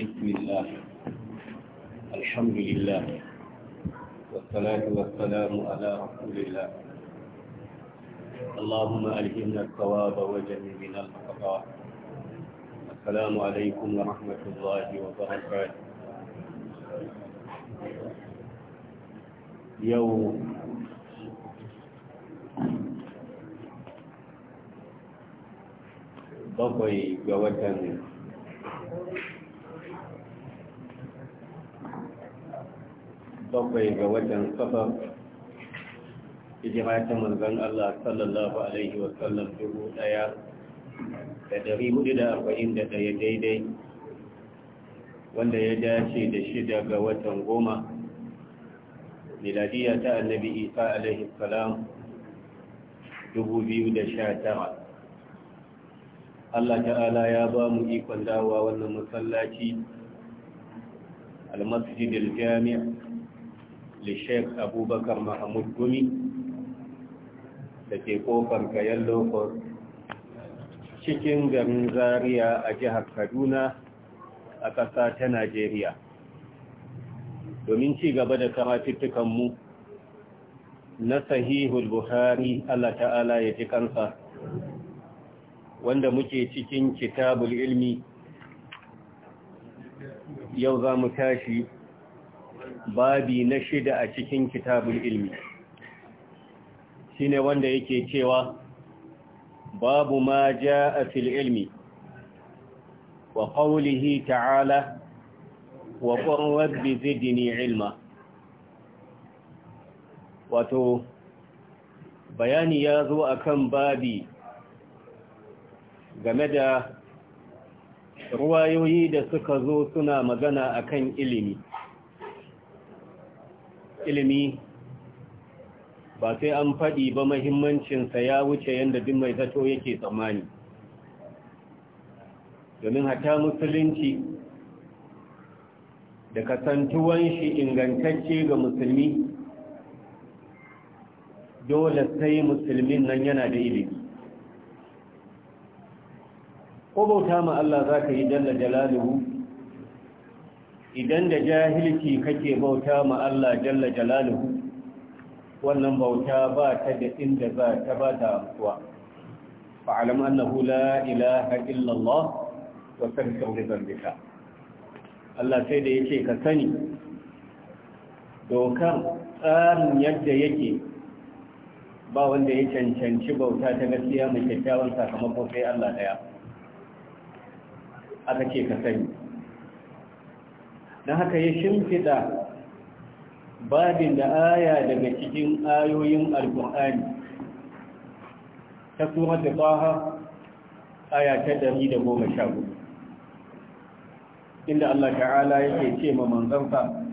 بسم الله الحمد لله والصلاة والسلام على رسول الله اللهم ألهمنا الثواب وجنبنا الخطأ السلام عليكم ورحمة الله وبركاته يوم بقي جوة bakwai ga watan safar hijira ta manzan Allah sallallahu alaihi wa dubu daya da dari hudu da arba'in da daya daidai wanda ya dace da shida ga watan goma miladiya ta annabi isa alaihi salam dubu biyu da sha tara Allah ta'ala ya ba mu ikon dawa wannan masallaci al masjidil al-jami' lishek abubakar mahamud gumi da ke kofar kayan lokos cikin garin zaria a jihar kaduna a ƙasa ta najeriya domin ci gaba da karatuttukanmu na sahihul buhari allah ta'ala ya ji kansa wanda muke cikin kitabul ilmi yau za mu tashi babi na shida a cikin kitabul ilmi shine wanda yake cewa babu ma jaa fil ilmi wa qawlihi ta'ala wa qur bi zidni ilma wato bayani ya zo akan babi game da ruwayoyi da suka zo suna magana akan ilimi ilimi ba sai an faɗi ba mahimmancinsa ya wuce yadda duk mai zato yake tsammani domin hata musulunci da kasantuwan shi ingantacce ga musulmi dole sai musulmin nan yana da ilimi ko bauta ma Allah za ka yi dalla jalaluhu idan da jahilci kake bauta ma Allah jalla jalaluhu wannan bauta ba ta da inda za ta ba ta amsuwa alam annahu la ilaha illallah wa sarkar da zambika Allah sai da yake ka sani dokar tsarin yadda yake ba wanda ya cancanci bauta ta gaskiya mai kyakkyawan sakamakon sai Allah daya aka ce ka sani don haka ya shimfiɗa babin da aya daga cikin ayoyin alkur'ani ta turar da tsaha aya ta ɗari da goma sha inda Allah ta'ala yake ce ma manzansa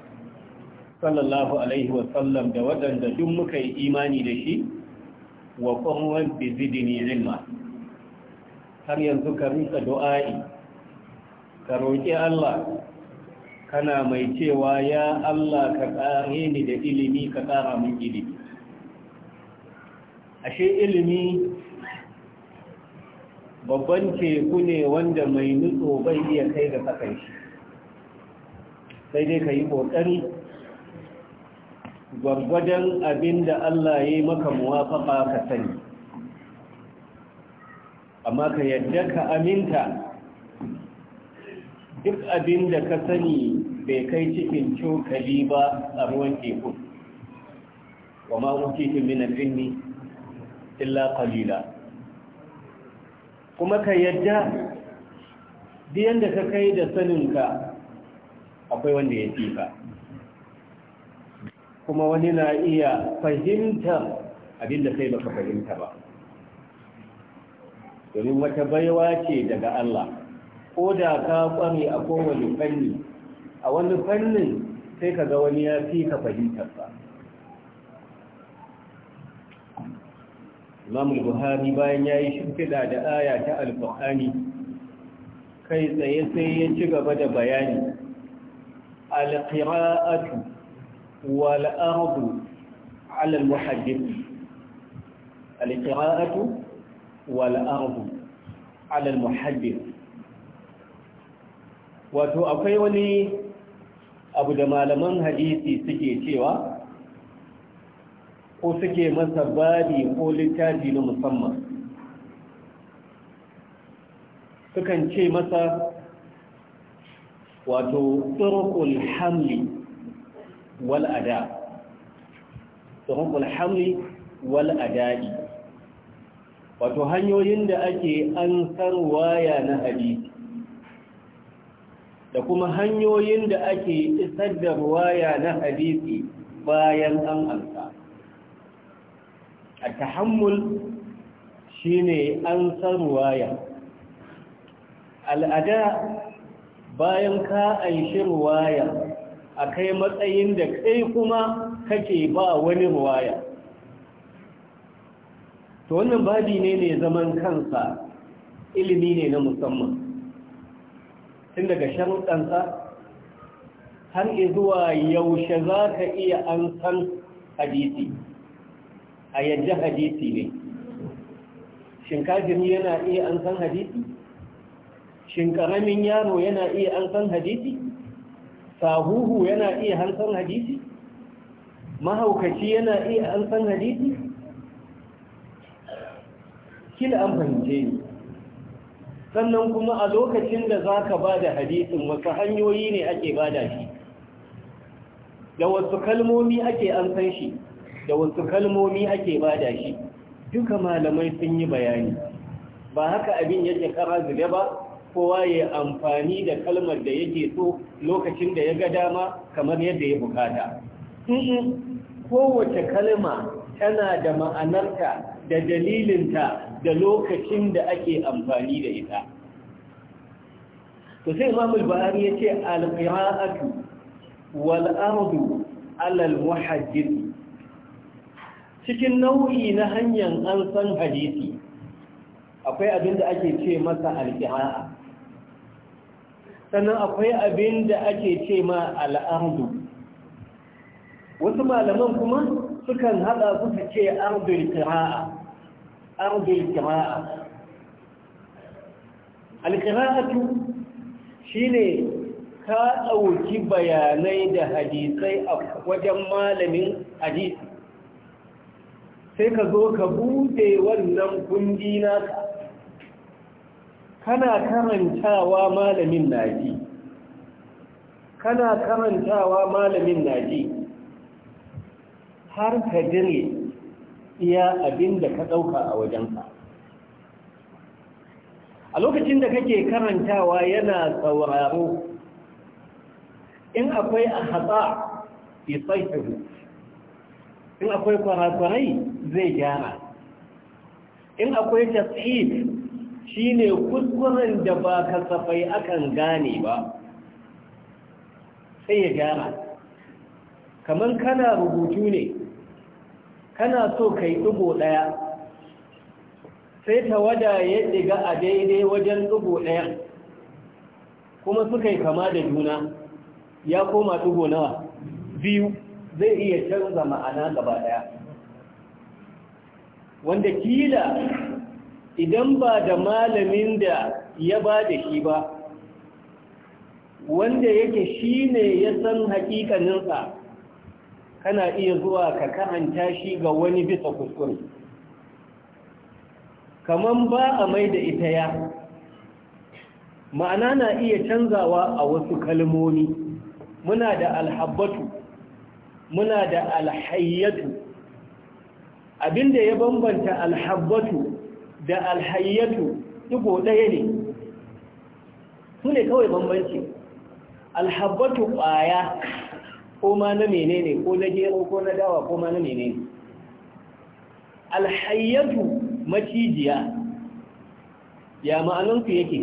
sallallahu alaihi wasallam da waɗanda duk muka yi imani da shi wa ƙwarwar bi zidini ilma har yanzu ka rinka du'a'i ka roƙi Allah kana mai cewa ya Allah ka ƙare ni da ilimi ka ƙara min ilimi ashe ilimi babban teku ne wanda mai nutso bai iya kai ga sakan shi sai dai ka yi ƙoƙari gwargwadon abin da Allah ya yi maka muwafaƙa ka sani amma ka yadda ka aminta duk abin da ka sani bai kai cikin cokali ba a ruwan teku wa ma'utikin minan ilmi illa kalila kuma ka yadda biyan da ka kai da saninka akwai wanda ya fi kuma wani na iya fahimta abin da kai baka fahimta ba domin wata baiwa ce daga Allah ko da ka kware a kowane fanni a wani fannin sai ka ga wani ya fi ka fahimtar ba Imam Buhari bayan ya yi shimfiɗa da aya ta Alƙur'ani kai tsaye sai ya ci gaba da bayani alƙira'atu wal'ardu alal muhaddisi alƙira'atu wato akwai wani abu da malaman hadisi suke cewa ko suke masa babi ko littafi na musamman sukan ce masa wato turkul hamli wal ada hamli wal wato hanyoyin da ake an sarwaya na hadisi da kuma hanyoyin da ake isar da ruwaya na hadisi bayan an amsa a tahammul ne an san ruwaya al'ada bayan ka aishi ruwaya a kai matsayin da kai kuma kake ba wani ruwaya to wannan babi ne ne zaman kansa ilimi ne na musamman tun daga sharuɗansa har zuwa yaushe za ka iya an san hadisi a yadda hadisi ne shinkajin yana iya an san hadisi shinkaramin yaro yana iya an san hadisi sahuhu yana iya an san hadisi mahaukaci yana iya an san hadisi kila an fahimce ne sannan kuma a lokacin da za ka ba da hadisin wasu hanyoyi ne ake ba da shi da wasu kalmomi ake an san shi da wasu kalmomi ake ba da shi duka malamai sun yi bayani ba haka abin yake kara zube ba kowa ya amfani da kalmar da yake so lokacin da ya ga dama kamar yadda ya bukata kowace kalma tana da ma'anarta da dalilinta da lokacin da ake amfani da ita to sai imam al-bahari yace al-qira'atu wal ardu ala al cikin nau'i na hanyar an san hadisi akwai abin da ake ce masa al-qira'a sannan akwai abin da ake ce ma al-ardu wasu malaman kuma sukan hada su ce al qira'a أرض القراءة القراءة شيني ka ɗauki bayanai da hadisai a wajen malamin hadisi sai ka zo ka bude wannan ka. naka kana karantawa malamin naji kana har ka jire iya abin da ka ɗauka a wajensa. a lokacin da kake karantawa yana sauraro in akwai a hatsa fi in akwai kwarakwarai zai gyara in akwai tasir shi ne kuskuren da ba kasafai akan gane ba sai ya gyara kamar kana rubutu ne kana so ka yi ɗigo ɗaya sai tawada ya ɗiga a daidai wajen ɗigo ɗaya kuma suka yi kama da juna ya koma ɗigo nawa biyu zai iya canza ma'ana gaba ɗaya wanda kila idan ba da malamin da ya ba da shi ba wanda yake shi ne ya san hakikaninsa kana iya zuwa ka karanta shi ga wani bisa kuskure kaman ba a mai da ita ya ma'ana na iya canzawa a wasu kalmomi muna da alhabbatu muna da alhayyatu abinda ya bambanta alhabbatu da alhayyatu digo ɗaya ne su ne kawai bambanci alhabbatu ƙwaya ko ma na menene ko na gero ko na dawa ko ma na menene alhayyatu macijiya ya ma'anansu yake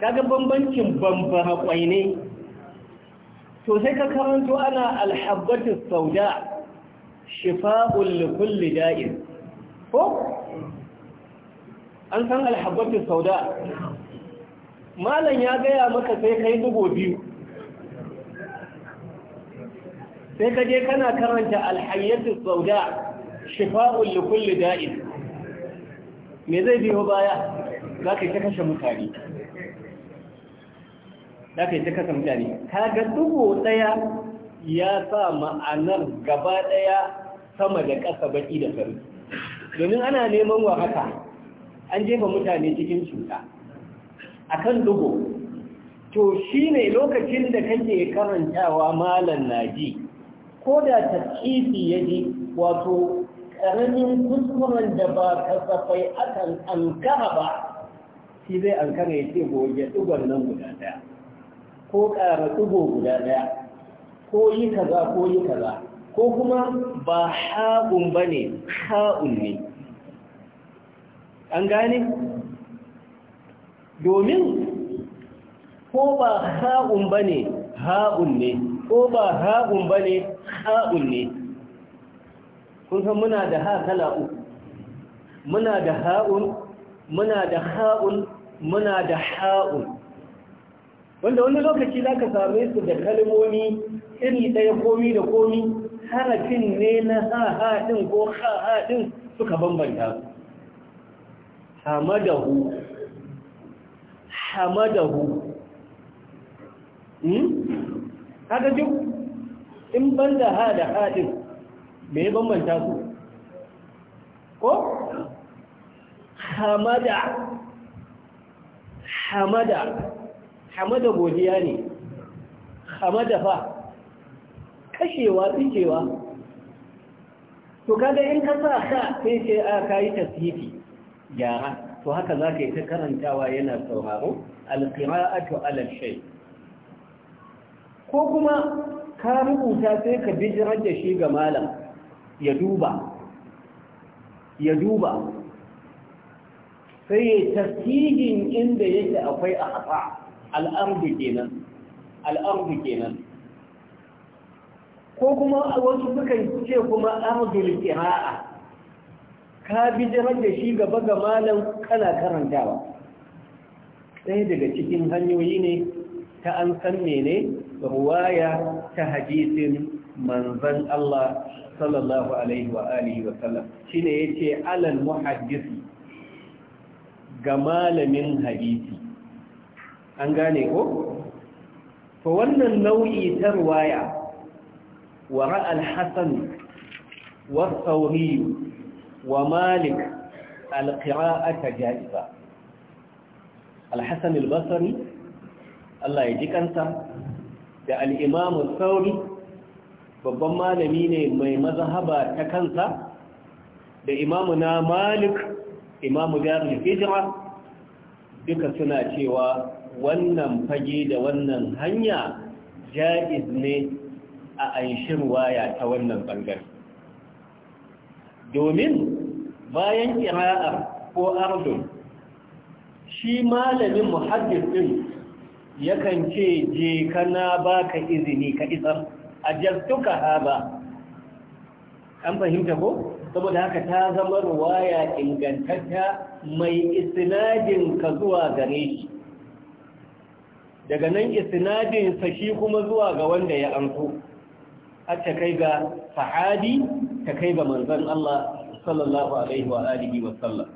kaga bambancin bambara kwai ne to sai ka karanto ana alhabbatu sauda shifa'ul kulli da'in ko an san alhabbatu sauda malam ya gaya maka sai kai dubo biyu sai ka je kana karanta alhayyatu sauda shifa'un li kulli da'in me zai biyo baya za ka yi ta kashe mutane za yi ta kashe mutane kaga dubu daya ya sa ma'anar gaba daya sama da ƙasa baki da sarki domin ana neman wa haka an jefa mutane cikin cuta akan dubu to shine lokacin da kake karantawa malam naji ko da takifi ya ji wato ƙaramin kuskuren da ba kasafai akan ankara ba shi zai ankara ya ce goge ɗigon nan guda ɗaya ko ƙara ɗigo guda ɗaya ko yi kaza ko yi kaza ko kuma ba ha'un ba ne ha'un ne an gane domin ko ba ha'un ba ne ha'un ne ko ba ha'un ba ne ha'un ne kun san muna da ha kala uku muna da ha'un muna da ha'un muna da ha'un wanda wani lokaci za ka same su da kalmomi iri ɗaya komi da komi harafin ne na ha din ko ha din suka bambanta hamadahu hamadahu hmm? kaga duk in ban da ha da ha me ya bambanta su ko hamada hamada hamada godiya ne hamada fa kashewa tsikewa to kaga in ka sa ka sai ce a yi tasiri gyara to haka za ka yi ta karantawa yana sauraro alƙira'atu alal shay ko kuma ka rubuta sai ka bijirar da shi ga malam ya duba ya duba sai ya tasirin inda yake akwai a hafa al'ardu kenan al'ardu kenan ko kuma a wasu sukan ce kuma ardul qira'a ka bijirar da shi gaba ga malam kana karantawa ɗaya daga cikin hanyoyi ne ta an san mene ruwaya ta hadisin manzan Allah sallallahu alaihi wa alihi wa sallam shine yace alal muhaddisi ga malamin hadisi an gane ko fa wannan nau'i ta ruwaya wara al-hasan wa thawri wa malik al-qira'ata jaiza al-hasan al-basri Allah ya ji kansa da al'imamun sauri babban malami ne mai mazahaba ta kansa da imamu na malik imamu Jami'in Fijira duka suna cewa wannan fage da wannan hanya ja'iz ne a Aishin waya ta wannan bangare. domin bayan ƙira'ar ko ardun shi malamin muhaddis ɗin yakan ce je kana ba ka izini ka isar a jastuka haza an fahimta ko saboda haka ta zama ruwaya ingantatta mai isnadin ka zuwa gare shi daga nan isnadin sa shi kuma zuwa ga wanda ya amso har kai ga sahabi ta kai ga manzon Allah sallallahu alaihi wa alihi wa sallam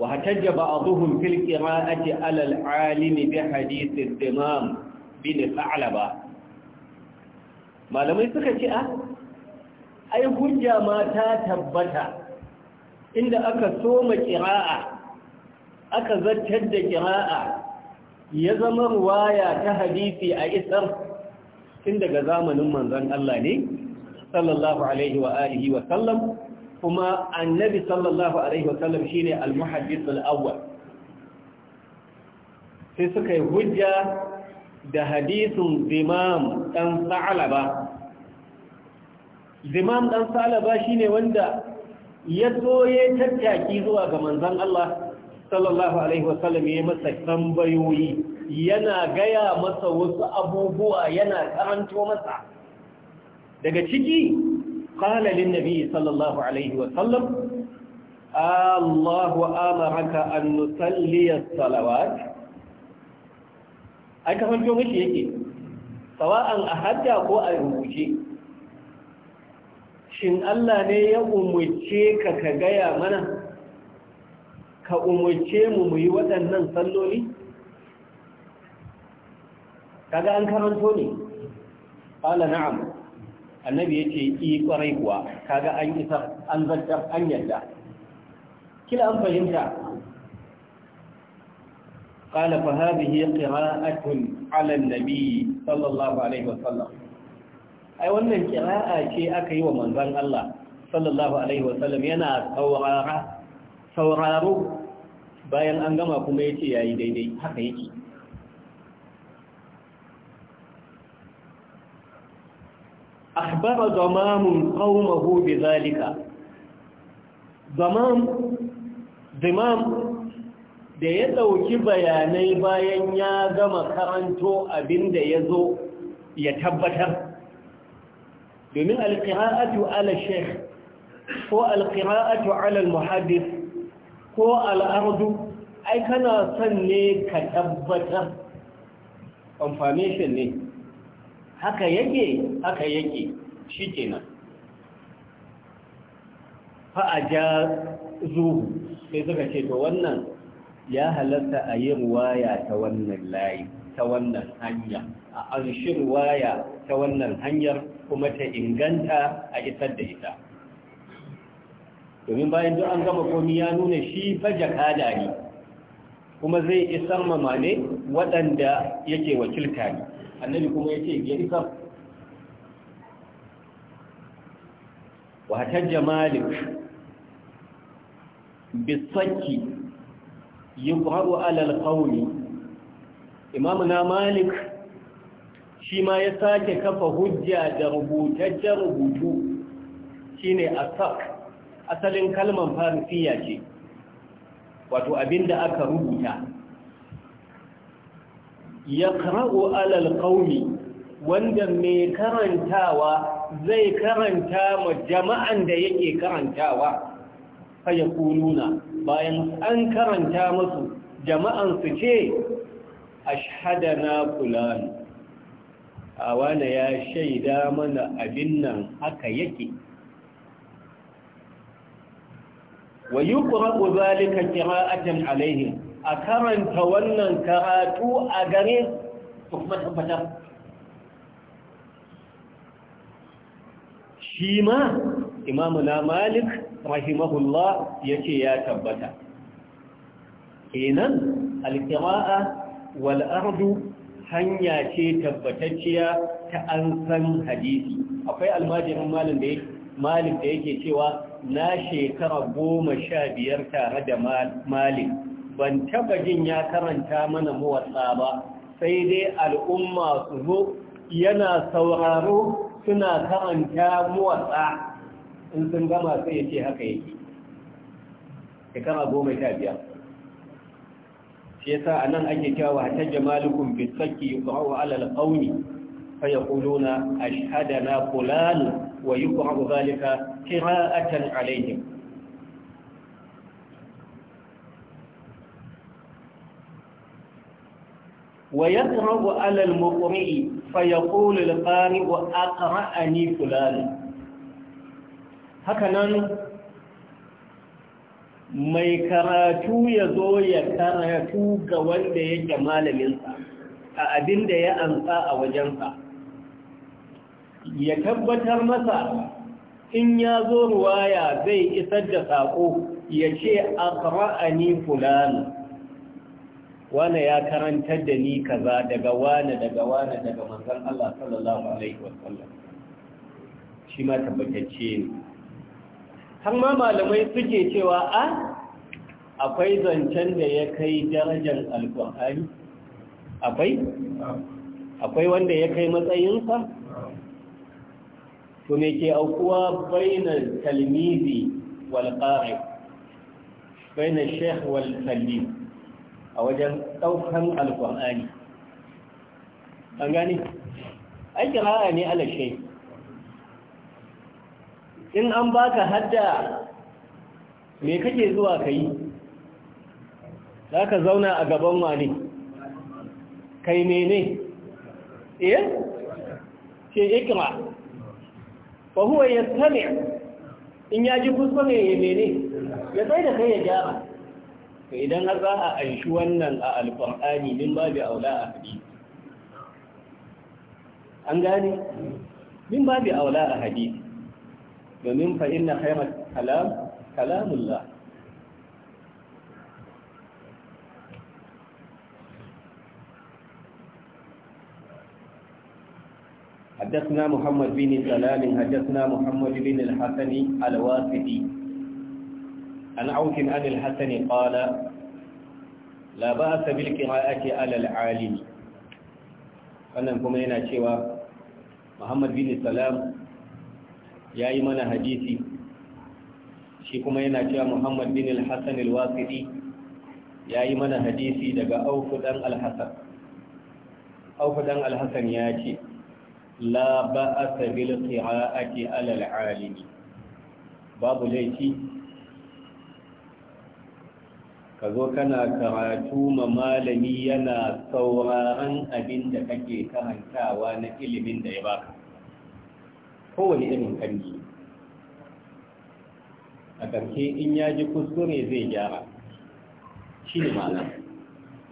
واحتج بعضهم في القراءة على العالم بحديث الدمام بن suka ما لم يسكت أي حجة ما تتبتها inda aka soma kira'a aka zartar da ƙira'a, ya zama ruwaya ta hadisi a isar tun daga zamanin manzon Allah ne sallallahu wa wa sallam kuma annabi sallallahu alaihi wasallam shine al-muhaddith sai suka yi hujja da hadisin zimam dan sa'alaba zimam dan salaba shine wanda ya zo tattaki zuwa ga manzon Allah sallallahu alaihi wasallam ya masa tambayoyi yana gaya masa wasu abubuwa yana karanto masa daga ciki qala lin nabi sallallahu alaihi wa sallam Allah amaraka an nusalli as-salawat ai ka fanto mishi yake sawa'an a hajja ko a rubuce shin Allah ne ya umurce ka ka gaya mana ka umurce mu mu yi waɗannan salloli kaga an karanto ne qala na'am annabi ya ce i kwarai kuwa kaga an isa an zartar an yadda kila an fahimta qala fa hadhihi qira'atun 'ala an-nabi sallallahu alaihi wasallam ai wannan ƙira'a ce aka yi wa manzon Allah sallallahu alaihi wasallam yana sauraro bayan an gama kuma yace yayi daidai haka yake akhbara zamamun qaumahu bidhalika zamam zamam da ya dauki bayanai bayan ya gama karanto abinda ya zo ya tabbatar domin alqira'atu ala shaykh ko alqira'atu ala muhaddis ko al'ardu ai kana son ne ka tabbatar confirmation ne haka yake haka yake shi kenan fa'aja zuhu sai suka ce to wannan ya halatta a yi ruwaya ta wannan layi ta wannan hanya a an shi ruwaya ta wannan hanyar kuma ta inganta a isar da ita domin bayan duk an gama komi ya nuna shi faja kada ne kuma zai isar mamane waɗanda yake wakilta ne annabi kuma ya ce girka watajja malik bisakki yubharu alal qawli imamu na malik shi ma ya sake kafa hujja da rubutaccen rubutu shine asak asalin kalmar farisiya ce wato abinda aka rubuta ya karau alal ƙaumi wanda mai karantawa zai karanta ma jama'an da yake karantawa faya kuluna bayan an karanta musu jama'an su ce ashhadana kulani a wane ya shaida mana abin nan haka yake wa yi zalika kira'atan alaihim a karanta wannan karatu a gare su kuma tabbatar shi ma imamu malik rahimahullah ya ce ya tabbata kenan alkira'a wal'ardu hanya ce tabbatacciya ta an san hadisi akwai almajirin malik da yake cewa na shekara goma sha biyar tare da malik ban taba jin ya karanta mana muwatsa ba sai dai al'umma su zo yana sauraro suna karanta muwatsa in sun gama sai ya ce haka yake shekara goma sha biyar shi yasa a nan ake kyawa ta jamalikun bisaki yuqra'u ala alqawmi fa yaquluna na fulan wa yuqra'u zalika qira'atan alaihim ويقرأ على المقرئ فيقول القارئ أقرأني فلان هكذا mai karatu ya zo ya karatu ga wanda yake malaminsa a abin da ya ansa a wajensa ya tabbatar masa in ya zo ruwaya zai isar da saƙo ya ce a ƙara'ani fulani wane ya karantar da ni kaza daga wane daga wane daga manzon Allah sallallahu alaihi wasallam shi ma tabbatacce ne har ma malamai suke cewa a akwai zancen da ya kai darajar alkur'ani akwai akwai wanda ya kai matsayinsa to me ke aukuwa bainar talmizi wal qari bainar sheikh wal talmizi a wajen ɗaukan alƙwa'ani an gani aiki ra'a ne lashe. in an baka hadda me kake zuwa ka yi za ka zauna a gaban wani kai mene iya eh? ce ikira ba huwa ya sami in ya ji kuskure ya mene ya tsaye da kai ya gyara to idan har za a anshi wannan a alƙur'ani min babu aula a hadisi an gane min babu aula a hadisi domin fa inna khayrat kalam kalamullah حدثنا محمد بن سلام حدثنا محمد بن الحسن الواسطي an aukin anil hasani qala la ba'sa bil qira'ati ala al wannan kuma yana cewa Muhammad bin Salam yayi mana hadisi shi kuma yana cewa Muhammad bin al-Hasan al-Wasiti mana hadisi daga Auf dan al-Hasan dan al ya ce la ba'sa bil qira'ati ala al babu laifi ka zo kana karatu ma malami yana sauraron abin da kake karantawa na ilimin da ya baka kowane irin kanji a ƙarshe in ya ji kuskure zai gyara shi ne ma'ana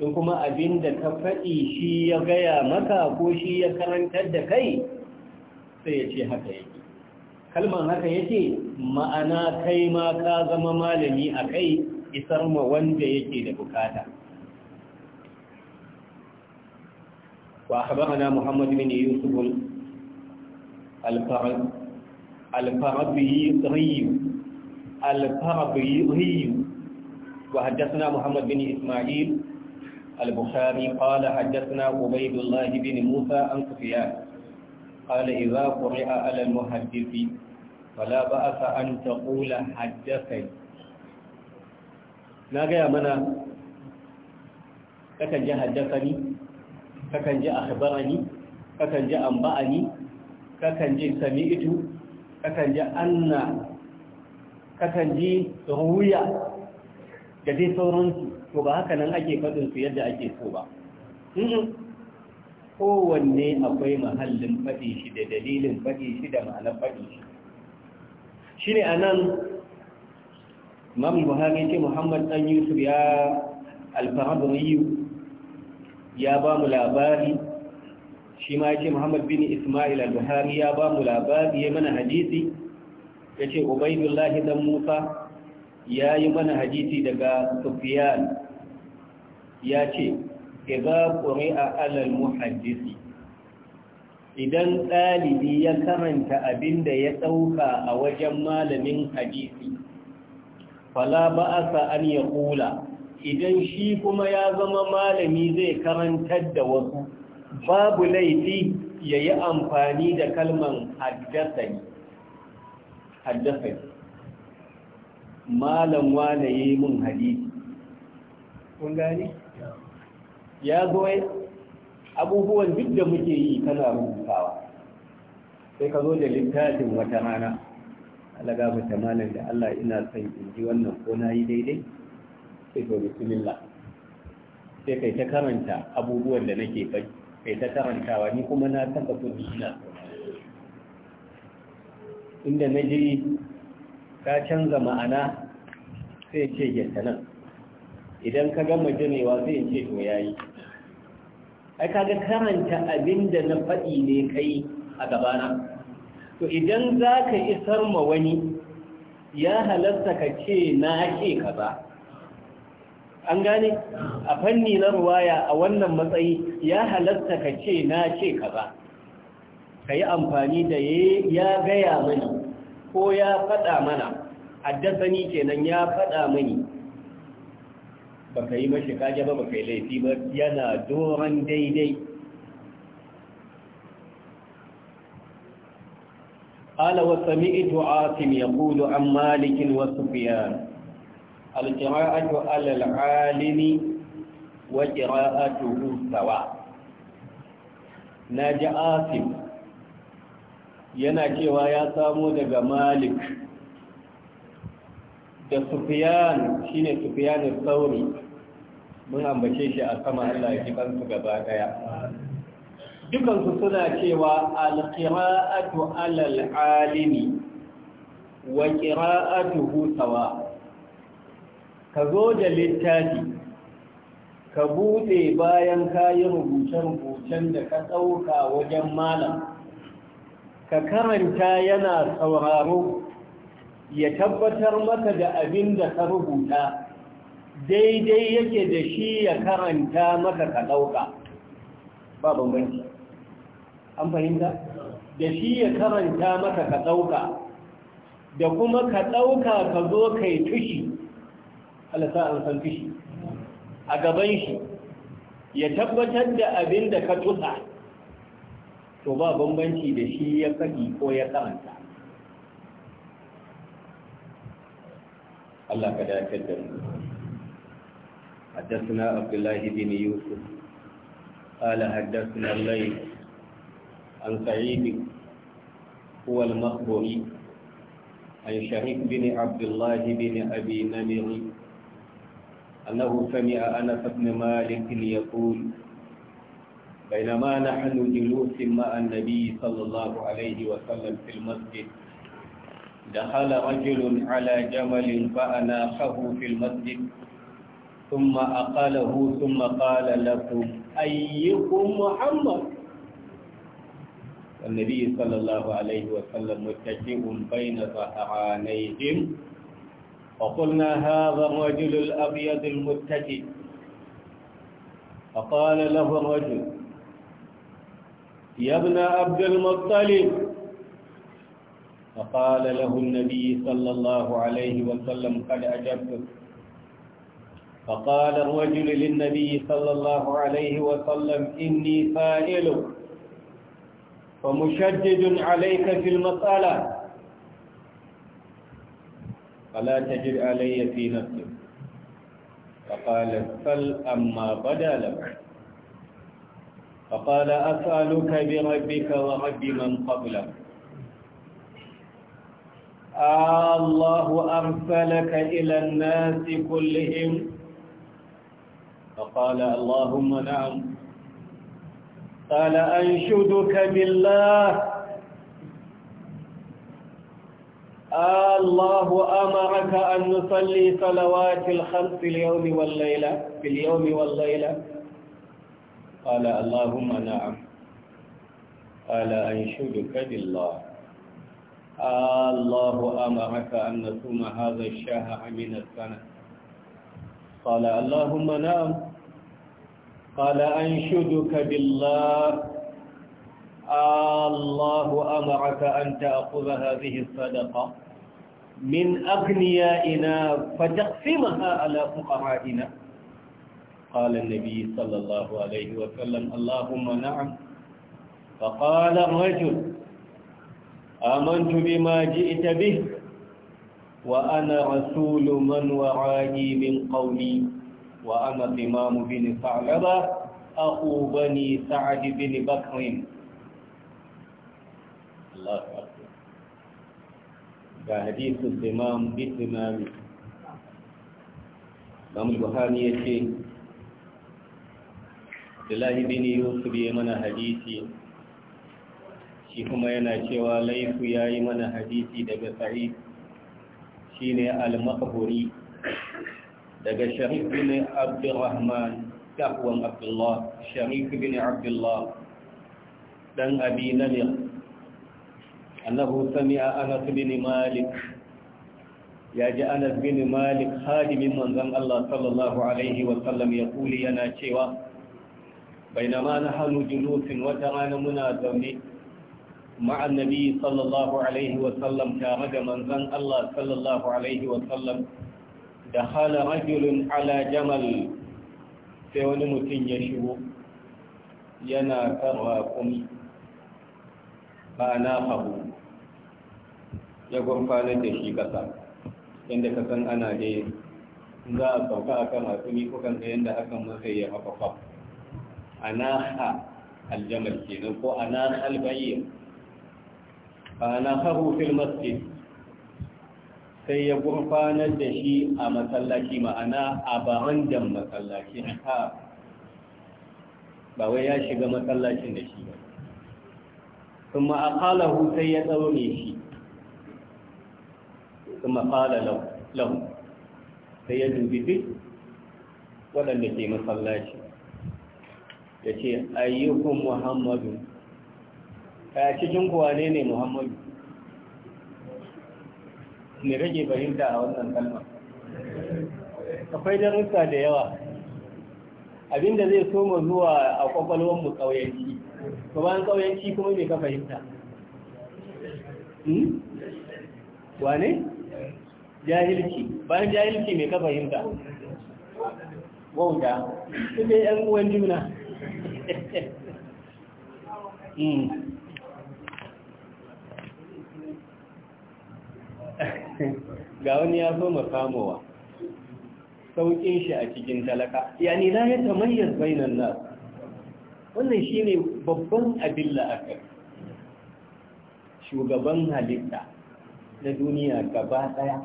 in kuma abin da ka faɗi shi ya gaya maka ko shi ya karanta da kai sai ya ce haka yake Kalmar haka yake ma'ana kai ma ka zama malami a kai isar ma wanda yake da bukata wa akhbarana Muhammad bin Yusuf al farabi al-Farabi وحدثنا محمد بن إسماعيل البخاري قال حدثنا عبيد الله بن موسى عن سفيان قال إذا قرئ على المحدث فلا بأس أن تقول حدثني na gaya mana kakan ji haddasani kakan ji ahbarani kakan ji amba'ani kakan ji ito kakan ji anna kakan ji ruya da dai sauransu to ba haka nan ake faɗinsu su yadda ake so ba kowanne akwai mahallin faɗi shi da dalilin faɗi shi da ma'anar faɗi shi shi ne a nan imam buhari ce muhammad dan yusuf ya alfarabari ya ba mu labari shi ma ce muhammad bin ismail al-buhari ya ba mu labari ya mana hadisi ya ce ubaidullahi dan musa ya yi mana hadisi daga sufiyan ya ce iza a alal muhaddisi idan ɗalibi ya karanta abinda ya ɗauka a wajen malamin hadisi fala ba'asa an ya kula idan shi kuma ya zama malami zai karantar da wasu babu laifi ya yi amfani da kalman haddasani haddasani malam wane ya yi mun hadisi kun gani ya zo abubuwan duk da muke yi kana rubutawa sai ka zo da littafin wata rana alaga ta malam da Allah ina son in ji wannan ko na yi daidai sai to bismillah sai kai ta karanta abubuwan da nake kai kai ta karantawa ni kuma na taba kudi ina inda na ji ka canza ma'ana sai ce yadda nan idan ka gama jinewa sai in ce to yayi ai kaga karanta abin da na faɗi ne kai a gabana to idan za ka isar ma wani ya halatta ka ce na ce ba? an gane a fanni na ruwaya a wannan matsayi ya halatta ka ce na ce ka ba? ka yi amfani da ya gaya mani ko ya faɗa mana haddasani kenan ya faɗa mani ba ka yi mashi kaje ba ba ka yi laifi ba yana doron daidai قال وسمعت عاصم يقول عن مالك وسفيان القراءة على العالم وقراءته سواء ناجي عاصم yana cewa ya samo daga malik da sufiya shine sufiyan sauri mun ambace shi a kama Allah ya ji kansu gaba ɗaya. dukansu suna cewa alƙira'atu alal alimi wa ƙira'atu hutawa ka zo da littafi ka buɗe bayan yi rubuce-rubucen da ka ɗauka wajen malam ka karanta yana sauraro ya tabbatar maka da abin da ka rubuta daidai yake da shi ya karanta maka ka ɗauka ba bambanci an fahimta da shi ya karanta maka ka ɗauka da kuma ka ɗauka ka zo kai tushi alasa an san tushi a gaban shi ya tabbatar da abin da ka tusa to ba bambanci da shi ya faɗi ko ya karanta Allah ka dace da mu حدثنا عبد الله بن يوسف قال حدثنا الليث عن سعيد هو المخبري عن شريك بن عبد الله بن أبي نمر أنه سمع أنس بن مالك يقول بينما نحن جلوس مع النبي صلى الله عليه وسلم في المسجد دخل رجل على جمل فأناخه في المسجد ثم أقاله ثم قال لكم أيكم محمد النبي صلى الله عليه وسلم متجه بين ظهرانيهم فقلنا هذا الرجل الأبيض المتجه فقال له الرجل يا ابن عبد المطلب فقال له النبي صلى الله عليه وسلم قد أجبتك فقال الرجل للنبي صلى الله عليه وسلم إني فائلك ومشدد عليك في المسألة فلا تجد علي في نفسك فقال سل أما بدا لك فقال أسألك بربك ورب من قبلك آه الله أرسلك إلى الناس كلهم فقال اللهم نعم قال أنشدك بالله الله أمرك أن نصلي صلوات الخمس في اليوم والليلة في اليوم والليلة قال اللهم نعم قال أنشدك بالله الله أمرك أن نصوم هذا الشهر من السنة قال اللهم نعم قال أنشدك بالله الله أمرك أن تأخذ هذه الصدقة من أغنيائنا فتقسمها على فقرائنا قال النبي صلى الله عليه وسلم اللهم نعم فقال الرجل آمنت بما جئت به وأنا رسول من ورائي من قومي وأنا الإمام بن ثعلبة أخو بني سعد بن بكر الله أكبر حديث الإمام بالإمام لم البخاري يشي عبد الله بن يوسف يمن حديثي shi kuma yana cewa laifu ya yi mana hadisi daga sa'id shi ne al-makaburi daga sharif bin abdurrahman takwan abdullah sharif bin abdullah dan abi namir annahu sami'a anas bin malik ya ji anas bin malik hadimin manzan Allah sallallahu alaihi wa sallam ya kuli yana cewa bainama nahnu julusin wata rana muna zaune مع النبي صلى الله عليه وسلم كارج منزن الله صلى الله عليه وسلم da hala rajulun ala jamal sai wani mutum ya shigo yana karwa raƙumi ba na hagu ya gurfanar da shi ƙasa inda ka san ana da za a sauka a kan ni kukan da yadda hakan masa ya hafafa a na ha aljamal nan ko a na halbayyar ba na hagu fil masjid sai ya gurfanar da shi a masallaci ma'ana a da masallaci ha ba wai ya shiga masallacin da shi ba kuma a kalahu sai ya tsaune shi kuma kala lahu sai ya dubi duk waɗanda ke masallaci ya ce ayyukun muhammadu a cikin kuwa ne ne muhammadu ne rage fahimta a wannan kalmar akwai darussa da yawa abinda zai soma zuwa a kwakwalwar mu kauyanci to bayan kauyanci kuma me ka fahimta hmm? wane jahilci bayan jahilci me ka fahimta wauta su ne yan uwan juna hmm. ga wani ya zo makamowa saukin shi a cikin talaka yani la ya tamayyaz bainan nas wannan shine babban abin la'akari shugaban halitta na duniya gaba daya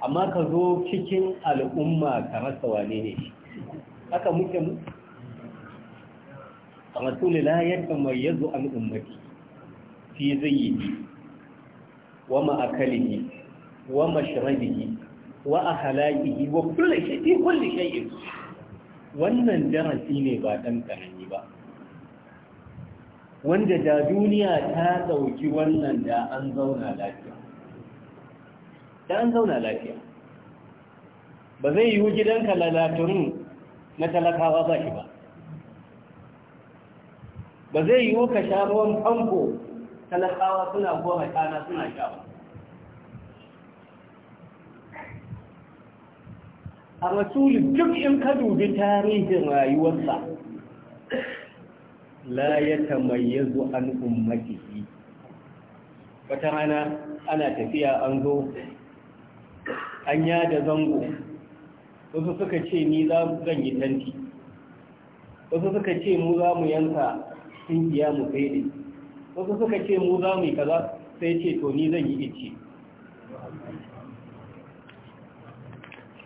amma ka zo cikin al'umma ka rasa wane ne haka muke mu rasulullah ya tamayyazu an ummati fi zayyi wa ma akalihi wa mashrabihi wa ahlaihi wa kulli shay'in kulli shay'in wannan darasi ne ba dan karami ba wanda da duniya ta dauki wannan da an zauna lafiya da an zauna lafiya ba zai yiwu gidanka lalaturin na talakawa ba shi ba ba zai yiwu ka sha ruwan famfo talakawa suna goma tana suna sha ba a rasulu duk in ka dubi tarihin rayuwarsa la ya tamayyazu an ummatihi wata rana ana tafiya an zo an yada zango wasu suka ce ni za zan yi tanti wasu suka ce mu za mu yanka iya mu fede wasu suka ce mu za mu yi kaza sai ce to ni zan yi ice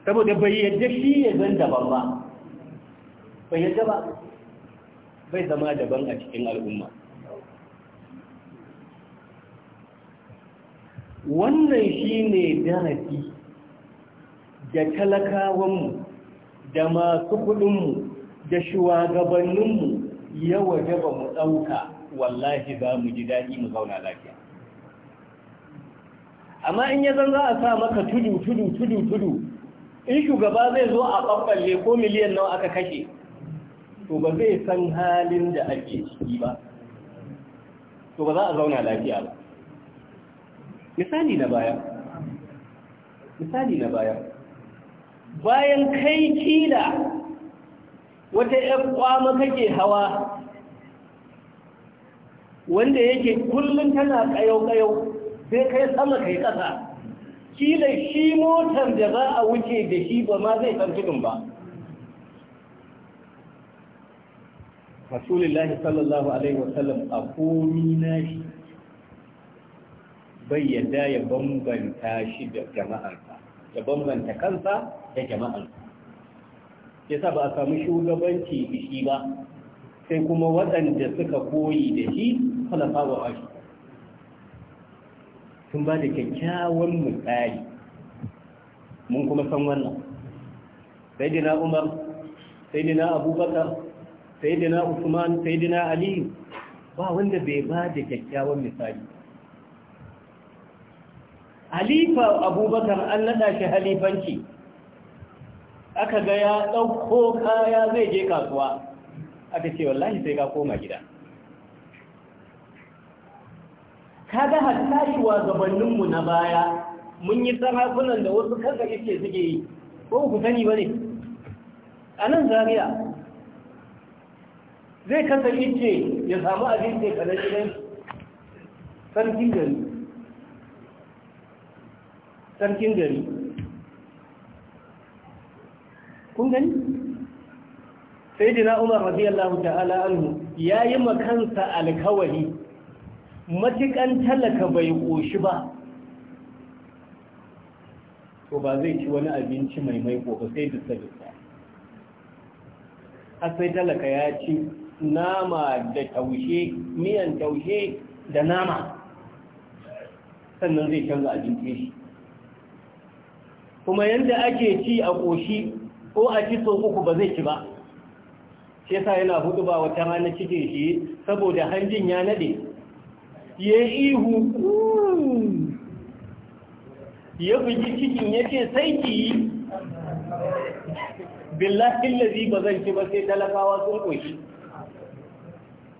saboda bai yadda shi ya zan daban ba bai yadda ba bai zama daban a cikin al'umma wannan shi ne darasi da talakawanmu da masu kudinmu da shugabanninmu yawa jaba mu ɗauka wallahi za mu ji daɗi mu zauna lafiya amma in ya zan za a sa maka tudu tudu tudu tudu in shugaba zai zo a ɓanɓalle ko miliyan nawa aka kashe to ba zai san halin da ake ciki ba to ba za a zauna lafiya ba misali na baya misali na baya bayan kai kila wata ‘yan kwama kake hawa wanda yake kullum tana ƙayau-ƙayau sai kai sama kai ƙasa kila shi motar da za a wuce da shi ba ma zai san tudun ba rasulullahi sallallahu alaihi wasallam a komi na shi bai yadda ya bambanta shi da jama'arsa ya bambanta kansa da jama'arsa ya sa ba a samu shugabanci da shi ba sai kuma waɗanda suka koyi da shi kalafa a shi sun ba da kyakkyawan misali mun kuma san wannan sai dina umar sai dina abubakar sai dina usman sai dina ali ba wanda bai ba da kyakkyawan misali halifa abubakar an nada shi halifanci aka ga ya ɗauko kaya zai je kasuwa aka ce wallahi sai ka koma gida kaga hatta shi wa gabaninmu na baya mun yi sarakunan da wasu kanka iske suke yi ko ku sani ba ne a nan zariya zai kasa ice ya samu abin da kada gidan sarkin gari sarkin gari kun gani sayyidina umar radiyallahu ta'ala anhu ya yi makansa alkawari matukan talaka bai ƙoshi ba to ba zai ci wani abinci mai maiko ba sai dusa dusa sai talaka ya ci nama da taushe miyan taushe da nama sannan zai canza abinci shi kuma yadda ake ci a ƙoshi ko a ci so uku ba zai ci ba shi yasa yana hudu ba wata rana cikin shi saboda hanjin ya nade ya yi ihu ya bugi cikin ya ce sai ki yi billahin lazi ba zan ci ba sai talakawa sun ƙoshi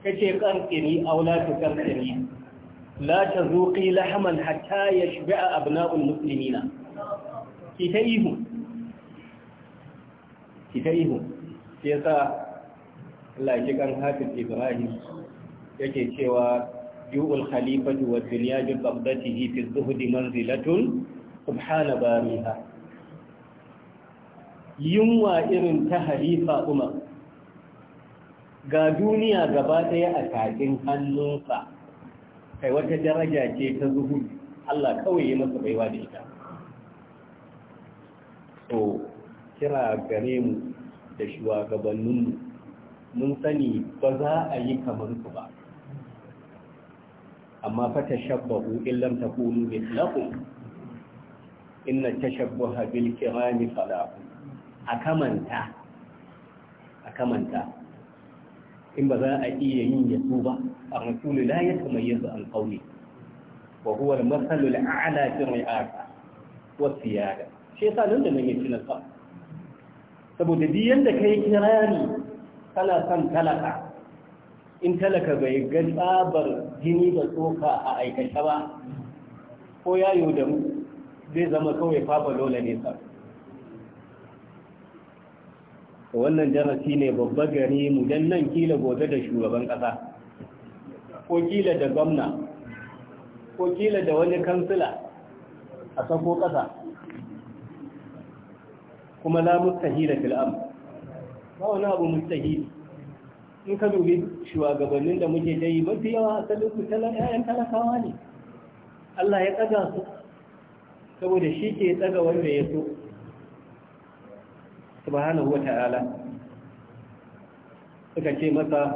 ka ce ƙarƙini aula ta ƙarƙini la ta zuƙi lahaman hatta ya shiga a Musulmi na. ki ta ihu ki ta ihu sai sa Allah kan hafiz Ibrahim yake cewa جوء الخليفة والدنيا بقبضته في الزهد منزلة سبحان باريها yunwa irin ta halifa umar ga duniya gaba ɗaya a takin hannunsa kai wata daraja ce ta zuhud Allah kawai yi masa baiwa da ita to kira gare mu da mu, mun sani ba za a yi kamar ku ba amma fa shabbahu in lam takunu mithlakum inna tashabbaha bil kirami falahu akamanta akamanta in ba za a iya yin yasu ba a rasulu la ya tamayyazu an qawli wa huwa al masalu al a'la fi ri'asa wa siyada shi yasa nan da nan yake nasa saboda duk yanda kai kirani kana san talaka in talaka bai ga tsabar jini da tsoka a aikace ba ko yayo da mu zai zama kawai fafa lola ne sa wannan jarasi ne babba gare mu don nan kila gobe da shugaban ƙasa ko kila da gwamna ko kila da wani kansila a sako ƙasa kuma la mustahila fil filam. ba wani abu mustahili in ka dubi shugabannin da muke dai mafi yawa a asalin su ‘ya'yan talakawa ne Allah ya tsaga su saboda shi ke tsaga wanda ya so subhanahu wa ta'ala suka ce masa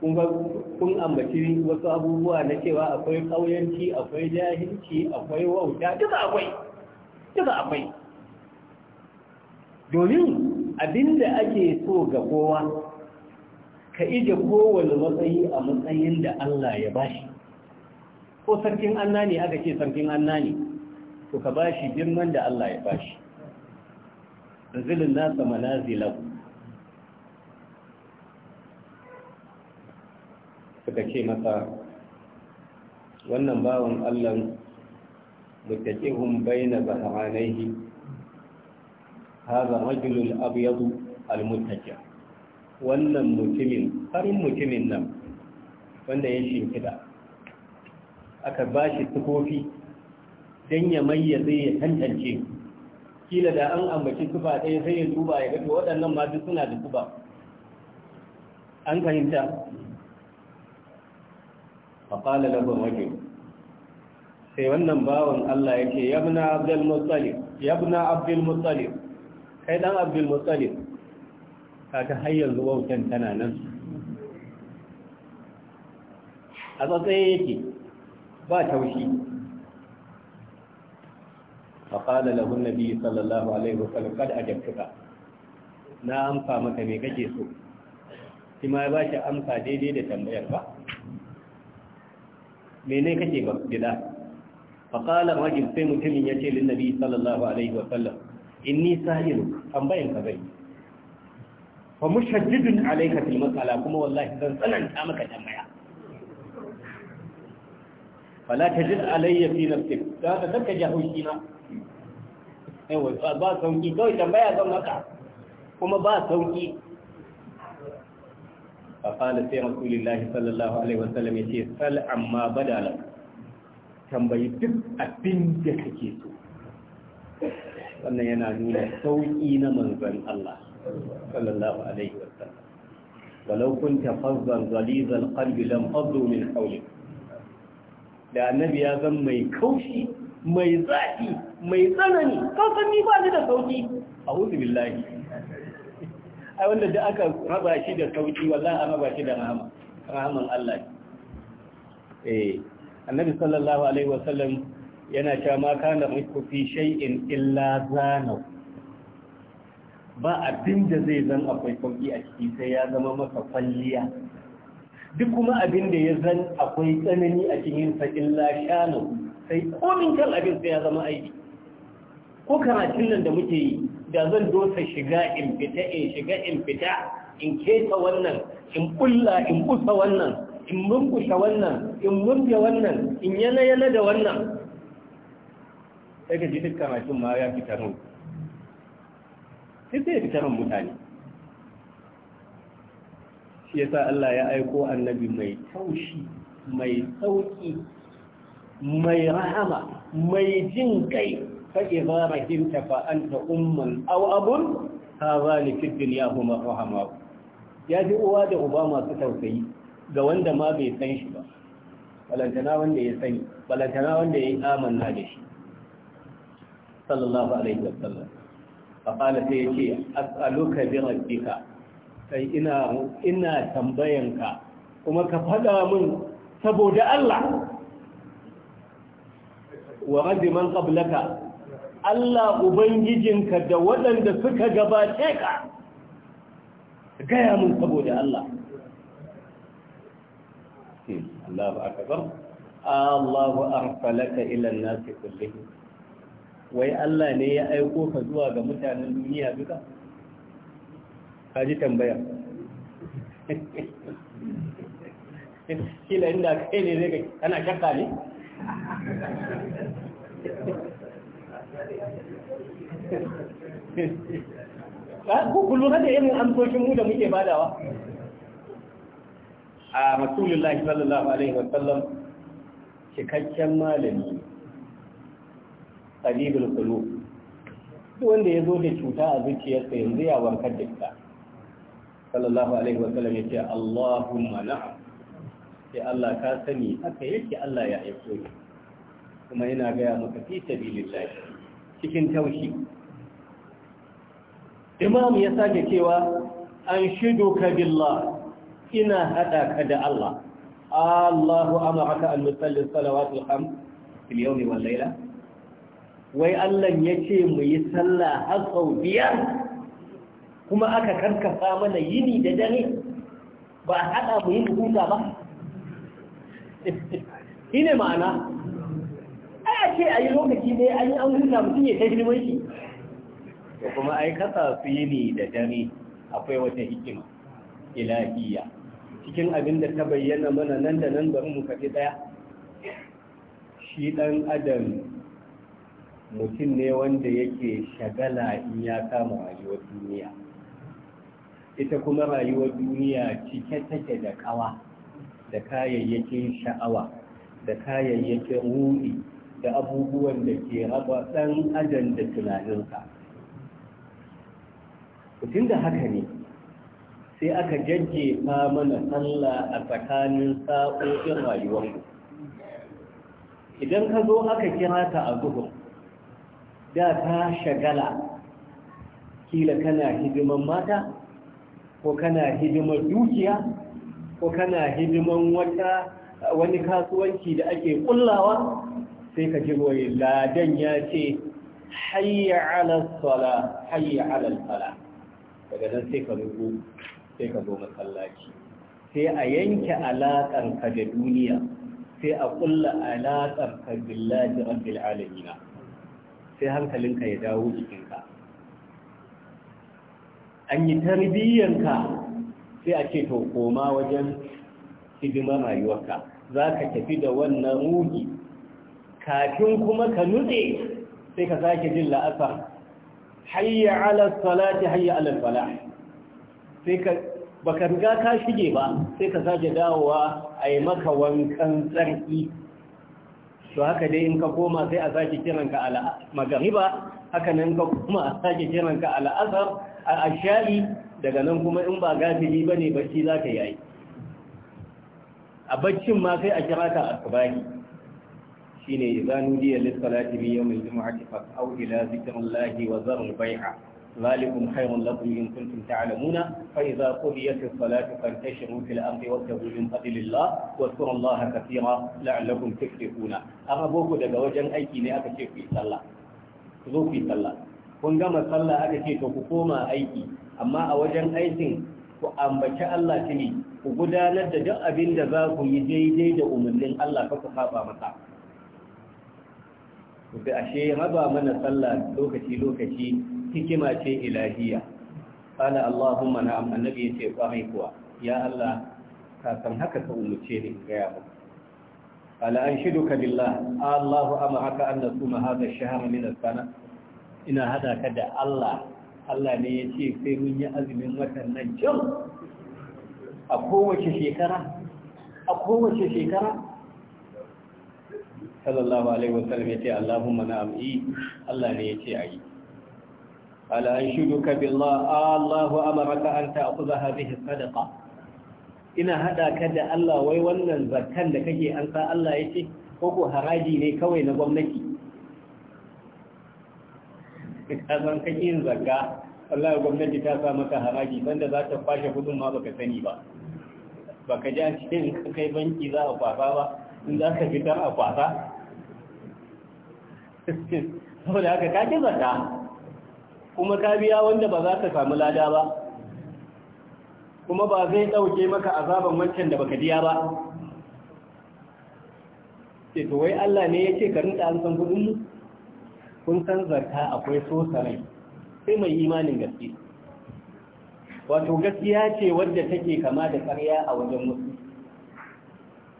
kun ambaci wasu abubuwa na cewa akwai ƙauyanci akwai jahilci akwai wauta duka akwai duka akwai domin abinda ake so ga kowa ka ije kowane matsayi a matsayin da Allah ya bashi ko sarkin anna ne aka ce sarkin anna ne to ka bashi girman da Allah ya bashi zilin nasa manazilau suka ce masa wannan bawan Allah متكئهم بين ظهرانيه abu رجل al المتكئ wannan mutumin farin mutumin nan wanda ya shimfida aka ba shi tukofi don ya mayyaze ya tantance kila da an ambaci tuba ɗaya sai ya duba ya gato waɗannan masu suna da tuba an fahimta a ƙala labar wajen sai wannan bawan Allah ya ce yabna abdul na yabna abdul mutsalif kai ɗan abdul mutsalif kaga har yanzu wautan tana nan a tsatsaye yake ba taushi فقال له النبي sallallahu alaihi عليه kada a أجبتك na amsa maka me kake so shi ma ba shi amsa daidai da tambayar ba mene kake ba bila faqala rajul sai mutumin yace lin nabi sallallahu alaihi wa sallam inni sa'il tambayan ka bai fa mushajjidun alayka fil mas'ala kuma wallahi zan tsananta maka tambaya fala tajid alayya fi nafsik da ka saka jahushi na wai ba sauki kawai tambaya zan maka kuma ba sauki fa qala sai rasulillahi sallallahu alaihi sallam yace sal amma badala tambayi duk abin da kake so wannan yana nuna sauki na manzon Allah sallallahu alaihi wa sallam walau kunta fazzan zalizal qalbi lam faddu min hawlik da annabi zan mai kaushi mai zafi mai tsanani kasan ni ba ni da sauki a billahi ai wanda da aka raba shi da sauki wallahi an raba shi da rahama rahaman Allah eh annabi sallallahu alaihi wasallam yana cewa ma kana muku fi shay'in illa zanau. ba abin da zai zan akwai kwanki a ciki sai ya zama maka kwalliya duk kuma abin da ya zan akwai tsanani a cikin sa illa sai komin kan abin sai ya zama aiki ko karatun nan da muke yi da zan dosa shiga in fita in shiga in fita in keta wannan in kulla in kusa wannan in murkushe wannan in murge wannan in yana yana da wannan sai ka ji duk karatun ma ya fita nuna sai sai ya fita ran mutane shi yasa Allah ya aiko annabi mai taushi mai sauki mai rahama mai jin kai fa idza rahimta fa anta umman aw abun hadha li fi dunya huma rahama ya ji uwa da uba masu tausayi ga wanda ma bai san shi ba balantana wanda ya sani balantana wanda ya yi amanna da shi sallallahu alaihi wasallam faƙala sai ya ce as'aluka bi rabbika sai ina ina tambayanka kuma ka faɗa min saboda Allah wa rabbi man qablaka Allah ubangijinka da waɗanda suka gabace ka gaya min saboda Allah Allahu akbar Allahu arsalaka ila an-nasi kullihim wai Allah ne ya aiko ka zuwa ga mutanen duniya duka ka ji tambaya kila inda kai ne zai kai kana shakka ne kukulu kullum hada yin amsoshin mu da muke badawa a rasulullahi sallallahu alaihi wasallam cikakken malami tabibul qulub duk wanda ya zo da cuta a zuciyarsa yanzu ya warkar da ita sallallahu alaihi wa sallam yace Allahumma na'am sai Allah ka sani haka yake Allah ya aiko ni kuma yana gaya maka fi sabilillah cikin taushi imam ya sake cewa an shiduka billah ina hada ka da Allah Allahu amaraka an musalli salawatul khams fil yawmi wal layla wai Allah ya ce mu yi sallah har sau biyar kuma aka karkasa mana yini da dare ba a haɗa mu yi hukunta ba shi ne ma'ana a ce a yi lokaci ne an yi an huta mutum ya ta shirman shi da kuma ai kasa su yini da dare akwai wata hikima ilahiyya cikin abin da ta bayyana mana nan da nan bari mu kafi ɗaya shi ɗan adam mutum ne wanda yake shagala in ya kama rayuwar duniya ita kuma rayuwar duniya cike take da kawa da kayayyakin sha'awa da kayayyakin ruɗi da abubuwan da ke raba ɗan adam da tunaninsa mutum da haka ne sai aka jajjefa mana sallah a tsakanin sa'o'in rayuwar idan ka zo aka kira ta a zuhur da ta shagala kila kana hidiman mata ko kana hidiman dukiya ko kana hidiman wata wani kasuwanci da ake kullawa sai ka ji wai ladan ya ce hayya ala sala hayya ala sala daga nan sai ka rubu sai ka zo masallaci sai a yanke alaƙar ka da duniya sai a kulla alaƙar ka billahi rabbil alamin sai hankalinka ya dawo jikinka an yi tarbiyyanka sai a ce to koma wajen hidimar rayuwarka za ka tafi da wannan ruhi kafin kuma ka nutse sai ka sake jin la'asar hayya ala salati hayya ala falah sai ka baka riga ka shige ba sai ka sake dawowa a yi maka wankan tsarki to haka dai in ka koma sai a sake kiranka ala magariba haka nan ka koma a sake kiranka ala azhar a ashari daga nan kuma in ba gafili bane bacci za yayi a baccin ma sai a kira ka asbani shine idza nudiya lis salati bi yawm al jumu'ati fas'au ila zikrillahi wa zarul bai'a ذلكم خير لكم إن كنتم تعلمون فإذا قضيت الصلاة فانتشروا في الأرض وابتغوا من فضل الله واذكروا الله كثيرا لعلكم تفلحون أغبوك daga wajen aiki ne aka ce ku yi sallah ku ku yi sallah kun gama sallah aka ce to ku koma aiki amma a wajen aikin ku ambaci Allah tuni ku gudanar da duk abin da za ku yi daidai da umarnin Allah ka ku saba masa ashe raba mana sallah lokaci lokaci hikima ce ilahiya qala allahumma na annabi ce kwarai kuwa ya allah ka san haka ka umuce ni ga ala an qala anshiduka billah allahu amma haka an nasu ma haka shahara min asana. sana ina hada ka da allah allah ne ya ce sai mun yi azumin watan nan jam a kowace shekara a kowace shekara sallallahu alaihi wasallam ya ce Allahumma na'am yi Allah ne ya ce a yi ألا أنشدك بالله الله أمرك أن تأخذ هذه الصدقة ina هذا ka da Allah wai wannan zakkan da kake وكو هراجي Allah ya ce لكي haraji ne kawai na gwamnati kake yin zakka gwamnati ta sa maka haraji banda za ta kwashe kudin ma baka sani ba baka ji an cikin kai banki za a kwasa ba in za ka fitar a kwasa haka zakka kuma ka biya wanda ba za ka samu lada ba kuma ba zai ɗauke maka azaban wancan da baka biya ba ce to wai Allah ne ya ce ka rinka an san mu. kun san zarta akwai so sarai sai mai imanin gaske wato gaskiya ce wadda take kama da ƙarya a wajen musu.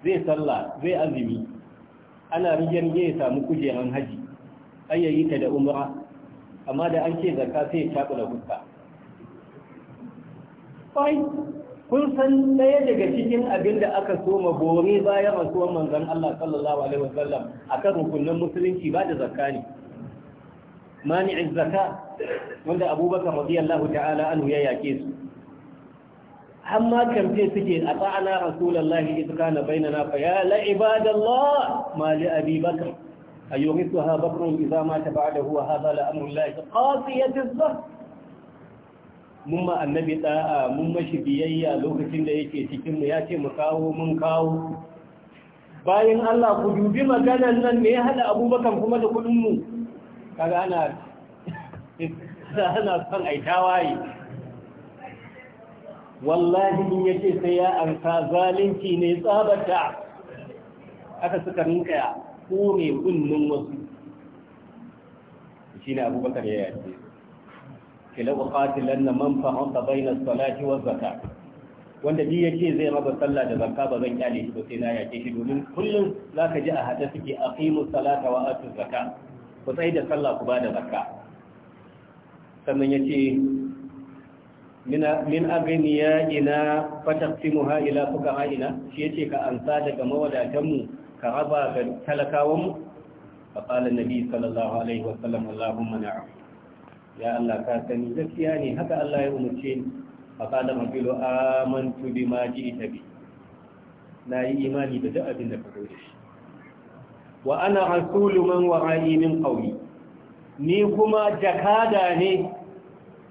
zai sallah zai azumi ana rigirge ya samu kujerar haji ayyayi ta da umra amma da an ce sai ya takula fuska. fai kun san ɗaya daga cikin abin da aka soma bori bayan rasuwar manzon Allah sallallahu alaihi wasallam akan rukunin musulunci ba da zakka ne mani'in zakka wanda Abubakar radiyallahu ta'ala anhu ya yake su amma kamfe suke a tsa'ana rasulullahi idh kana bainana fa ya la ibadallah ma abi bakr أيورثها بكر إذا مات بعده وهذا لأمر الله قاسية الظهر مما النبي تاء مما شبيي lokacin da yake cikin mu yace mu kawo mun kawo bayan Allah ku dubi maganan nan me ya hada Abubakar kuma da kudin mu kaga ana ana son ai tawaye wallahi in yace sai ya arka zalunci ne tsabata aka suka rinkaya kore gunnin wasu shi ne abubakar ya yace kila katilan na man bai na salati wa zaka wanda ya yake zai raba sallah da zakka ba zan kyale shi ba sai na yace shi domin kullum Za ka ji a hada suke aqimu salata wa atu zaka ku tsai da sallah ku ba da zakka sannan ce, min min ya ina fataqsimuha ila fuqaha ina shi yace ka ansa daga mawadatanmu. ka raba ga talakawanmu fa qala nabi sallallahu alaihi wa allahumma ya Allah ka sani gaskiya ne haka Allah ya umarce ni bi na yi imani da duk abin da ka zo da shi wa ana rasulu man min qawli ni kuma jakada ne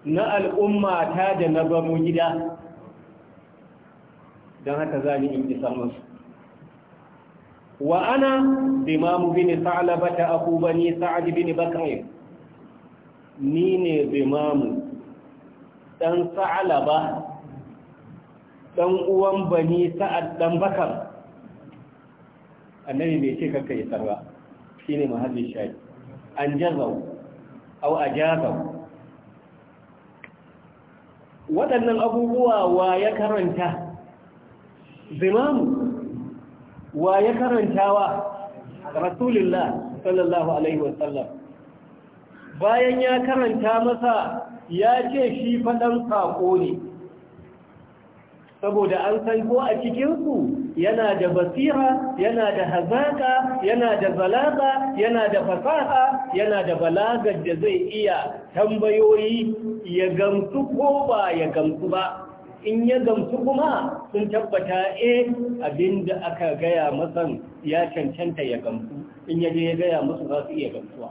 na al'umma ta da na baro gida don haka za ni in isa musu wa ana dimamu bin sa'laba ta aku bani sa'ad bin bakr ni ne dimamu dan sa'laba dan uwan bani sa'ad dan bakar annabi bai ce kakka yi sarwa shine mahallin shayi an jazau au ajazau waɗannan abubuwa wa ya karanta zimamu wa ya karantawa rasulullah sallallahu alaihi wasallam bayan ya karanta masa ya ce shi faɗan saƙo ne saboda an san ko a cikin cikinsu yana da basira yana da hazaka yana da balaga yana da fasaha yana da balagar da zai iya tambayoyi ya gamsu ko ba ya gamsu ba in ya gamsu kuma sun tabbata e eh, abinda aka gaya masan ya cancanta ya gamsu in ya je ya gaya masu za su iya gamsuwa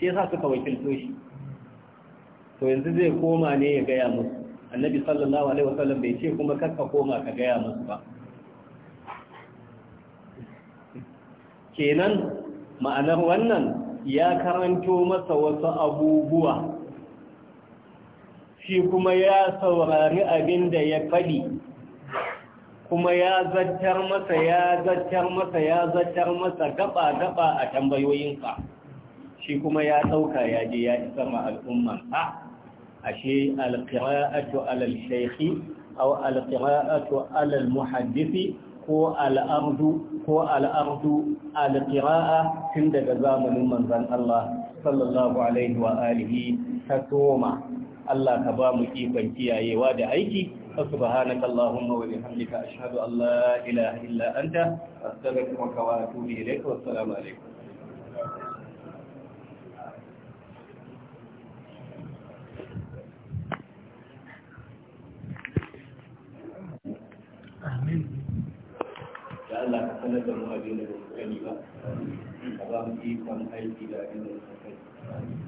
shi sa suka wakilto shi to yanzu zai koma ne ya gaya masu. annabi sallallahu alaihi wasallam bai ce kuma kakka koma ka gaya masu ba kenan ma'anar wannan ya karanto masa wasu abubuwa shi kuma ya saurari abin da ya faɗi kuma ya zartar masa ya zartar masa ya zartar masa gaba-gaba a tambayoyinka shi kuma ya ɗauka ya je ya isa ma al'ummansa ashe alƙira'atu alal shaikhi au alƙira'atu alal muhaddisi ko al'ardu ko al'ardu alƙira'a tun daga zamanin manzan Allah sallallahu alaihi wa alihi ta soma Allah ka ba mu ikon kiyayewa da aiki subhanaka allahumma wa bihamdika ashhadu an la ilaha illa anta astaghfiruka wa atubu ilayk wa assalamu alaikum Amin. da Allah ka sanar da mu abin da ba sani ba ka ba mu ikon aiki da abin da ba sani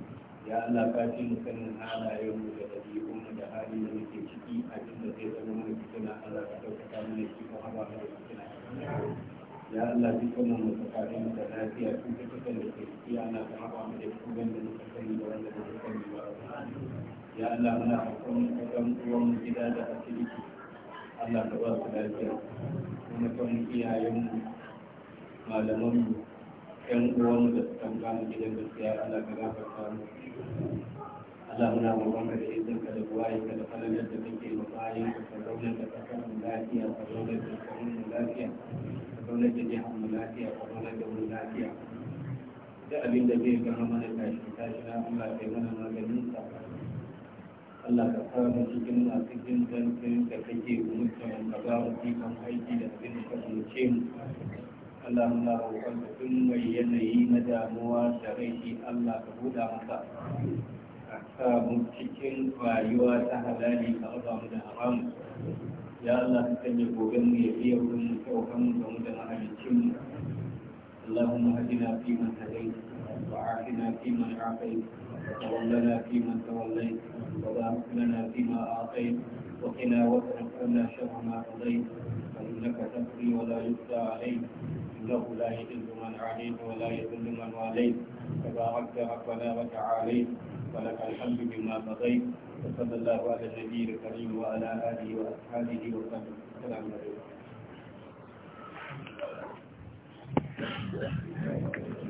ya Allah ka fi mu sanin halayen mu da dabi'un mu da hali da muke ciki abin da zai zama mana fitina Allah ka ta mana shi ko haba mana fitina ya Allah ji kuma mu tsakanin mu da lafiya tun da kusan da ke ciki Allah ka haba mu da kuban da muka sani da wanda muka sani ba ya Allah muna hakan mu kan uwan mu gida da asibiti Allah ka ba su lafiya kuma kan iyayen mu malaman mu uwan da suka gane gidan gaskiya Allah ka gafarta mu Allah muna roƙon ka da izin ka da buwaye da falalar da kake ma bayan ka zaunar da kasar mu lafiya da mu lafiya da lafiya abin da zai gama mana tashi tashi na Allah kai mana maganin sa Allah ka fara cikin masu jin zancin da kake umurta ka ba mu ikon aiki da abin da ka umurce mu Allah muna roƙon da duk mai yanayi na damuwa da raiki Allah ka buɗa masa ka sa mu cikin rayuwa ta halali ka raba mu da haramu ya Allah ka sanya gobe mu ya biya wurin mu kyau kan mu gamu da mahalicin mu اللهم اهدنا فيمن هديت وعافنا فيمن عافيت وتولنا فيمن توليت وبارك لنا فيما اعطيت وقنا واصرف عنا شر ما قضيت فانك تقضي ولا يقضى عليك إنه لا يذل من عليه ولا يذل من واليك تباركت ربنا وتعاليت ولك الحمد بما قضيت وصلى الله على النبي الكريم وعلى آله وأصحابه وسلم السلام عليكم